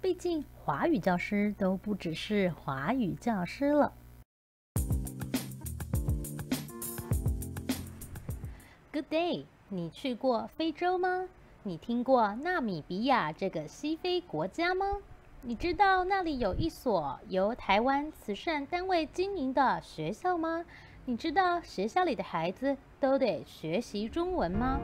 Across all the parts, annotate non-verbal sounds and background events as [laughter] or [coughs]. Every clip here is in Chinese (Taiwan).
畢竟，華語教師都不只是華語教師了。Good day，你去過非洲嗎？你聽過納米比亞這個西非國家嗎？你知道那裡有一所由台灣慈善單位經營的學校嗎？你知道學校裡的孩子都得學習中文嗎？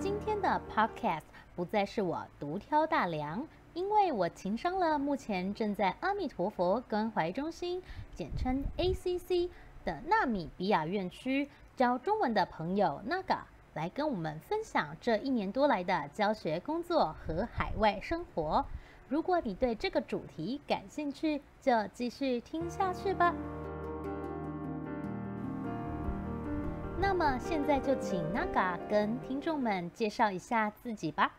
今天的 Podcast，不再是我獨挑大梁，因為我情商了，目前正在阿彌陀佛關懷中心（簡稱 ACC） 的納米比亞院區教中文的朋友 Naga 來跟我們分享這一年多來的教學工作和海外生活。如果你對這個主題感興趣，就繼續聽下去吧。那麼現在就請 Naga 跟聽眾們介紹一下自己吧。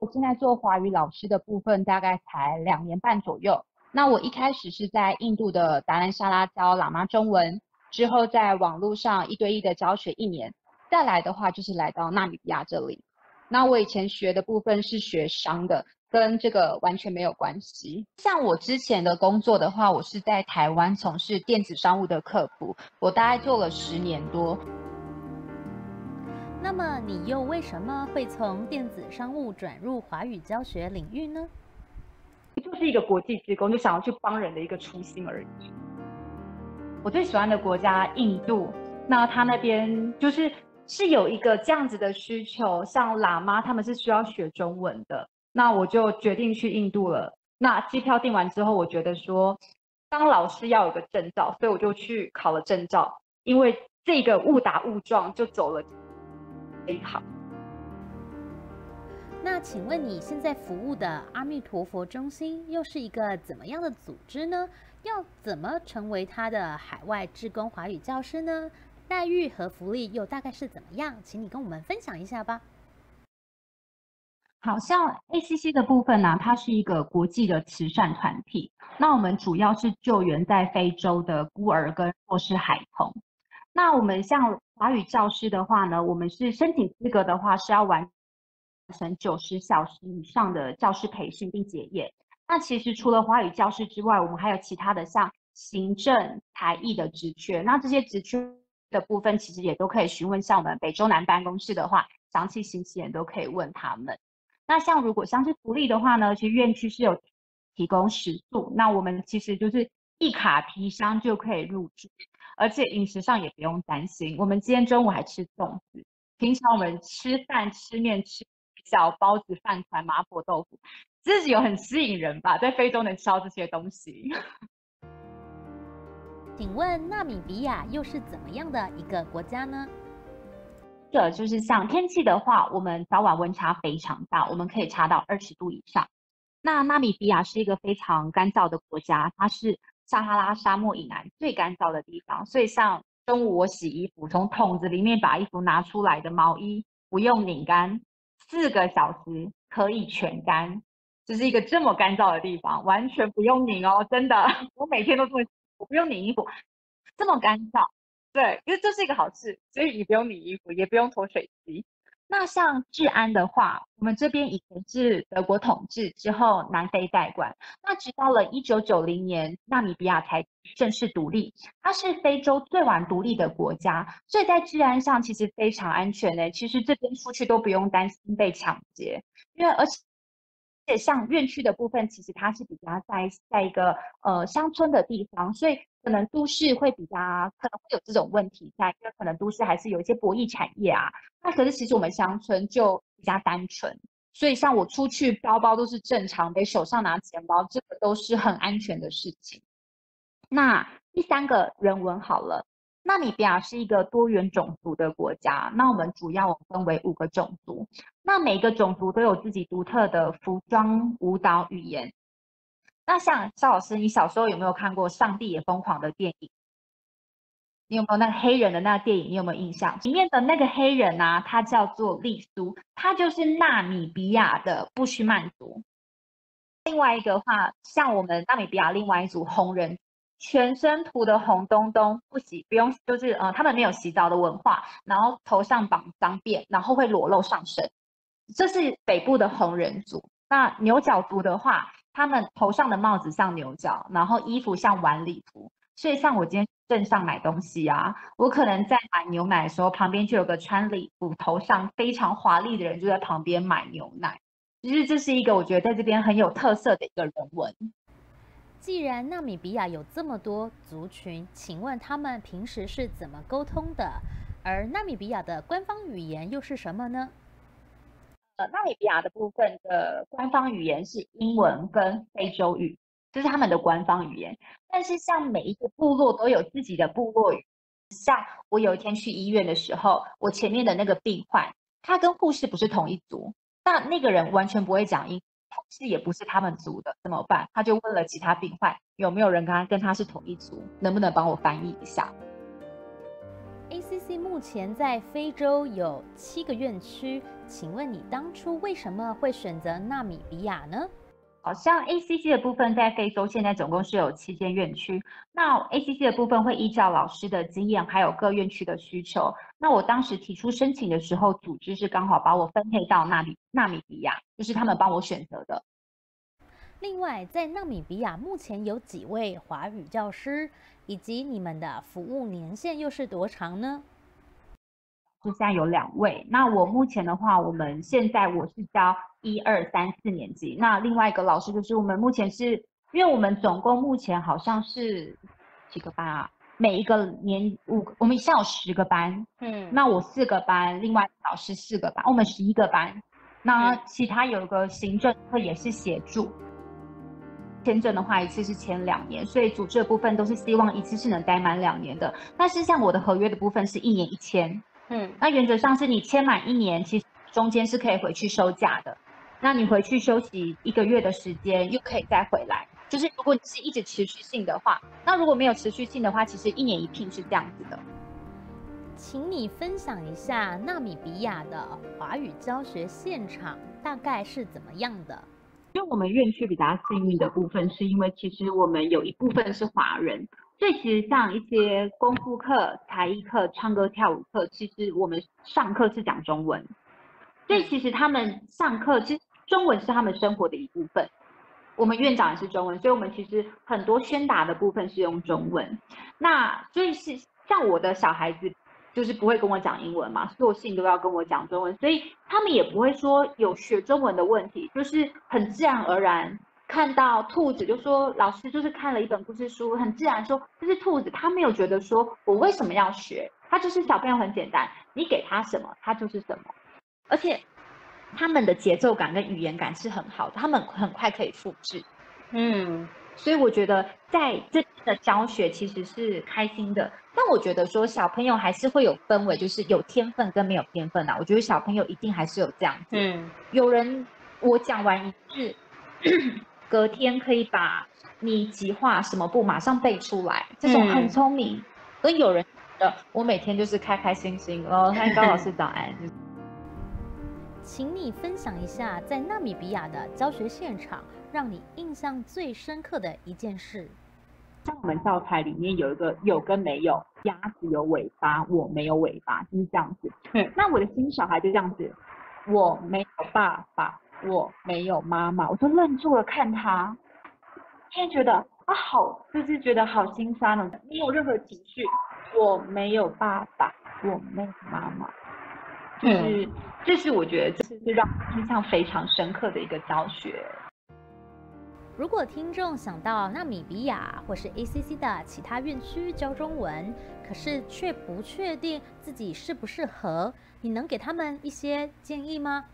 我現在做華語老師的部分大概才兩年半左右。那我一開始是在印度的達蘭沙拉教喇嘛中文，之後在網絡上一對一的教學一年，再來的話就是來到納米比亞這裡。那我以前學的部分是學商的，跟這個完全沒有關係。像我之前的工作的話，我是在台灣從事電子商務的客服，我大概做了十年多。那麼你又為什麼會從電子商務轉入華語教學領域呢？就是一個國際志工就想要去幫人的一個初心而已。我最喜歡的國家印度，那他那邊就是是有一個這樣子的需求，像喇嘛他們是需要學中文的，那我就決定去印度了。那機票訂完之後，我覺得說當老師要有個證照，所以我就去考了證照，因為這個誤打誤撞就走了。好，那請問你現在服務的阿彌陀佛中心又是一個怎麼樣的組織呢？要怎麼成為他的海外志工華語教師呢？待遇和福利又大概是怎麼樣？請你跟我們分享一下吧。好像 ACC 的部分呢、啊，它是一個國際的慈善團體，那我們主要是救援在非洲的孤兒跟弱勢孩童。那我們像華語教師的話呢，我們是申請資格的話是要完成九十小時以上的教師培訓並結業。那其實除了華語教師之外，我們還有其他的像行政、才藝的職缺。那這些職缺的部分其實也都可以詢問，像我們北中南辦公室的話，詳細信息也都可以問他們。那像如果像是福利的話呢，其實院區是有提供食宿，那我們其實就是一卡皮箱就可以入住。而且飲食上也不用擔心，我們今天中午還吃粽子。平常我們吃飯吃麵，吃小包子、飯糰、麻婆豆腐，自己有很吸引人吧？在非洲能吃到這些東西。請問納米比亞又是怎麼樣的一個國家呢？這、嗯、就是像天氣的話，我們早晚溫差非常大，我們可以差到二十度以上。那納米比亞是一個非常乾燥的國家，它是。撒哈拉，拉沙漠以南最乾燥的地方，所以像中午我洗衣服，從桶子裡面把衣服拿出來的毛衣不用擰乾，四個小時可以全乾。這、就是一個這麼乾燥的地方，完全不用擰哦，真的，我每天都這麼，我不用擰衣服，這麼乾燥。對，因為這是一個好事，所以你不用擰衣服，也不用脫水機。那像治安的話，我們這邊以前是德國統治之後南非代管，那直到了1990年，納米比亞才正式獨立，它是非洲最晚獨立的國家，所以在治安上其實非常安全的。其實這邊出去都不用擔心被搶劫，因為而且。像院區的部分，其實它是比較在在一個呃鄉村的地方，所以可能都市會比較可能會有這種問題，在因為可能都市還是有一些博弈產業啊。那可是其實我們鄉村就比較單純，所以像我出去，包包都是正常的，得手上拿錢包，這個都是很安全的事情。那第三個人文好了。納米比亞是一個多元種族的國家，那我們主要我們分為五個種族，那每一個種族都有自己獨特的服裝、舞蹈、語言。那像蕭老師，你小時候有沒有看過《上帝也瘋狂》的電影？你有沒有那黑人的那個電影？你有沒有印象？裡面的那個黑人啊，他叫做麗蘇，他就是納米比亞的布須曼族。另外一個話，像我們納米比亞另外一組紅人。全身塗的紅東東，不洗不用，就是呃，他們沒有洗澡的文化。然後頭上綁髒辮，然後會裸露上身。這是北部的紅人族。那牛角族的話，他們頭上的帽子像牛角，然後衣服像晚禮服。所以像我今天鎮上買東西啊，我可能在買牛奶的時候，旁邊就有個穿禮服、頭上非常華麗的人就在旁邊買牛奶。其實這是一個我覺得在這邊很有特色的一個人文。既然納米比亞有這麼多族群，請問他們平時是怎麼溝通的？而納米比亞的官方語言又是什麼呢？呃，納米比亞的部分的官方語言是英文跟非洲語，這、就是他們的官方語言。但是像每一個部落都有自己的部落語，像我有一天去醫院的時候，我前面的那個病患，他跟護士不是同一族，那那個人完全不會講英。同事也不是他們族的，怎麼辦？他就問了其他病患，有沒有人跟他跟他是同一族，能不能幫我翻譯一下？ACC 目前在非洲有七個院區，請問你當初為什麼會選擇納米比亞呢？好像 ACC 的部分在非洲現在總共是有七間院區。那 ACC 的部分會依照老師的經驗，還有各院區的需求。那我當時提出申請的時候，組織是剛好把我分配到納米納米比亞，就是他們幫我選擇的。另外，在納米比亞目前有幾位華語教師，以及你們的服務年限又是多長呢？就現在有兩位。那我目前的話，我們現在我是教一二三四年級。那另外一個老師就是我們目前是，因為我們總共目前好像是幾個班啊？每一個年五，我們一共有十個班。嗯，那我四個班，另外老師四個班，我們十一個班。那其他有一個行政課也是協助。簽證的話，一次是簽兩年，所以組織的部分都是希望一次是能待滿兩年的。但是像我的合約的部分是一年一簽。嗯，那原則上是你簽滿一年，其實中間是可以回去休假的。那你回去休息一個月的時間，又可以再回來。就是如果你是一直持續性的話，那如果沒有持續性的話，其實一年一聘是這樣子的。請你分享一下納米比亞的華語教學現場大概是怎麼樣的？因為我們院區比較幸運的部分，是因為其實我們有一部分是華人。所以其實像一些功夫課、才藝課、唱歌跳舞課，其實我們上課是講中文。所以其實他們上課，其實中文是他們生活的一部分。我們院長也是中文，所以我們其實很多宣達的部分是用中文。那所以是像我的小孩子，就是不會跟我講英文嘛，所有事情都要跟我講中文，所以他們也不會說有學中文的問題，就是很自然而然。看到兔子就說，老師就是看了一本故事書，很自然說，這是兔子，他沒有覺得說我為什麼要學，他就是小朋友很簡單，你給他什麼他就是什麼，而且他們的節奏感跟語言感是很好的，他們很快可以複製，嗯，所以我覺得在這的教學其實是開心的，但我覺得說小朋友還是會有氛圍，就是有天分跟沒有天分啦，我覺得小朋友一定還是有這樣子，嗯，有人我講完一次。 [coughs] 隔天可以把你計劃什麼不馬上背出來，這種很聰明。嗯、跟有人的，我每天就是開開心心哦，高老師早安。 [laughs] 請你分享一下在納米比亞的教學現場，讓你印象最深刻的一件事。在我們教材裡面有一個有跟沒有，鴨子有尾巴，我沒有尾巴就是這樣子，嗯。那我的新小孩就這樣子，我沒有爸爸。我沒有媽媽，我就愣住了看他，他就覺得啊好，就是覺得好心酸了，沒有任何情緒。我沒有爸爸，我沒有媽媽，就是，嗯、這是我覺得這是最讓我印象非常深刻的一個教學。如果聽眾想到納米比亞或是 ACC 的其他院區教中文，可是卻不確定自己適不適合，你能給他們一些建議嗎？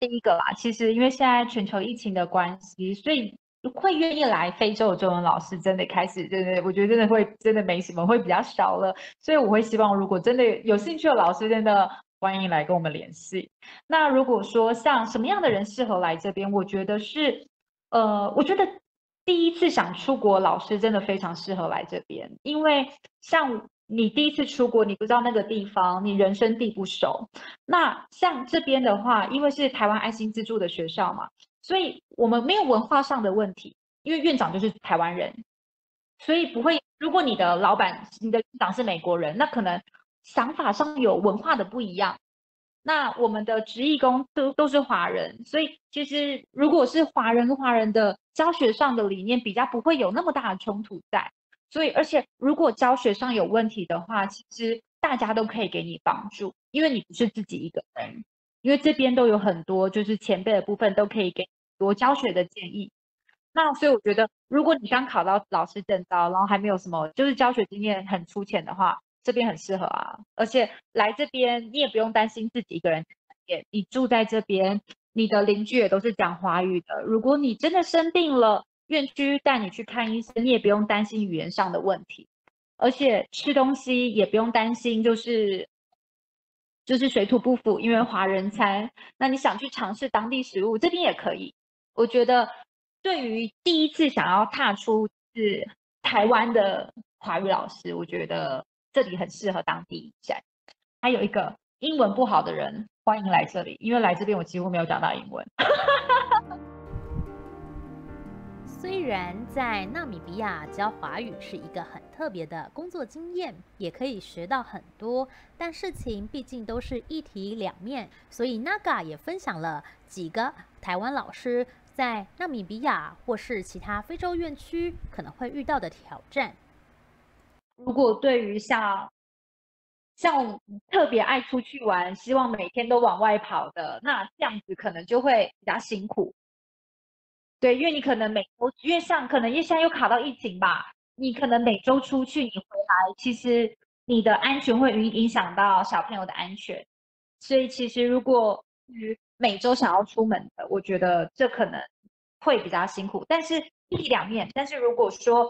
第一個啦，其實因為現在全球疫情的關係，所以會願意來非洲的中文老師真的開始，真的，我覺得真的會真的沒什麼，會比較少了。所以我會希望，如果真的有興趣的老師，真的歡迎來跟我們聯繫。那如果說像什麼樣的人適合來這邊，我覺得是，呃，我覺得第一次想出國老師真的非常適合來這邊，因為像。你第一次出國，你不知道那個地方，你人生地不熟。那像這邊的話，因為是台灣愛心資助的學校嘛，所以我們沒有文化上的問題，因為院長就是台灣人，所以不會。如果你的老闆、你的院長是美國人，那可能想法上有文化的不一樣。那我們的志義工都都是華人，所以其實如果是華人、華人的教學上的理念比較不會有那麼大的衝突在。所以，而且如果教學上有問題的話，其實大家都可以給你幫助，因為你不是自己一個人，因為這邊都有很多就是前輩的部分都可以給你多教學的建議。那所以我覺得，如果你剛考到老師證照，然後還沒有什麼就是教學經驗很粗淺的話，這邊很適合啊。而且來這邊你也不用擔心自己一個人，也你住在這邊，你的鄰居也都是講華語的。如果你真的生病了，院區帶你去看醫生，你也不用擔心語言上的問題，而且吃東西也不用擔心，就是就是水土不服，因為華人餐。那你想去嘗試當地食物，這邊也可以。我覺得對於第一次想要踏出是台灣的華語老師，我覺得這裡很適合當地站。還有一個英文不好的人，歡迎來這裡，因為來這邊我幾乎沒有講到英文。 [laughs] 雖然在納米比亞教華語是一個很特別的工作經驗，也可以學到很多，但事情畢竟都是一體兩面，所以 Naga 也分享了幾個台灣老師在納米比亞或是其他非洲院區可能會遇到的挑戰。如果對於像像特別愛出去玩，希望每天都往外跑的，那這樣子可能就會比較辛苦。對，因為你可能每周，越上，像可能因為現在又卡到疫情吧，你可能每周出去，你回來，其實你的安全會影影響到小朋友的安全，所以其實如果每周想要出門的，我覺得這可能會比較辛苦。但是一體兩面，但是如果說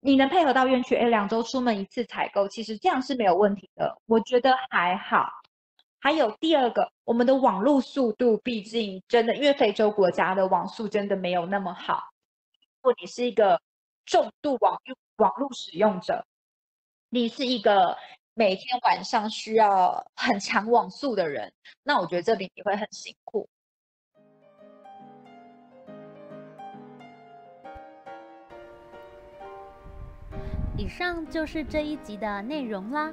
你能配合到院區，哎，兩周出門一次採購，其實這樣是沒有問題的，我覺得還好。還有第二個，我們的網絡速度，畢竟真的，因為非洲國家的網速真的沒有那麼好。如果你是一個重度網網絡使用者，你是一個每天晚上需要很強網速的人，那我覺得這裡你會很辛苦。以上就是這一集的內容啦。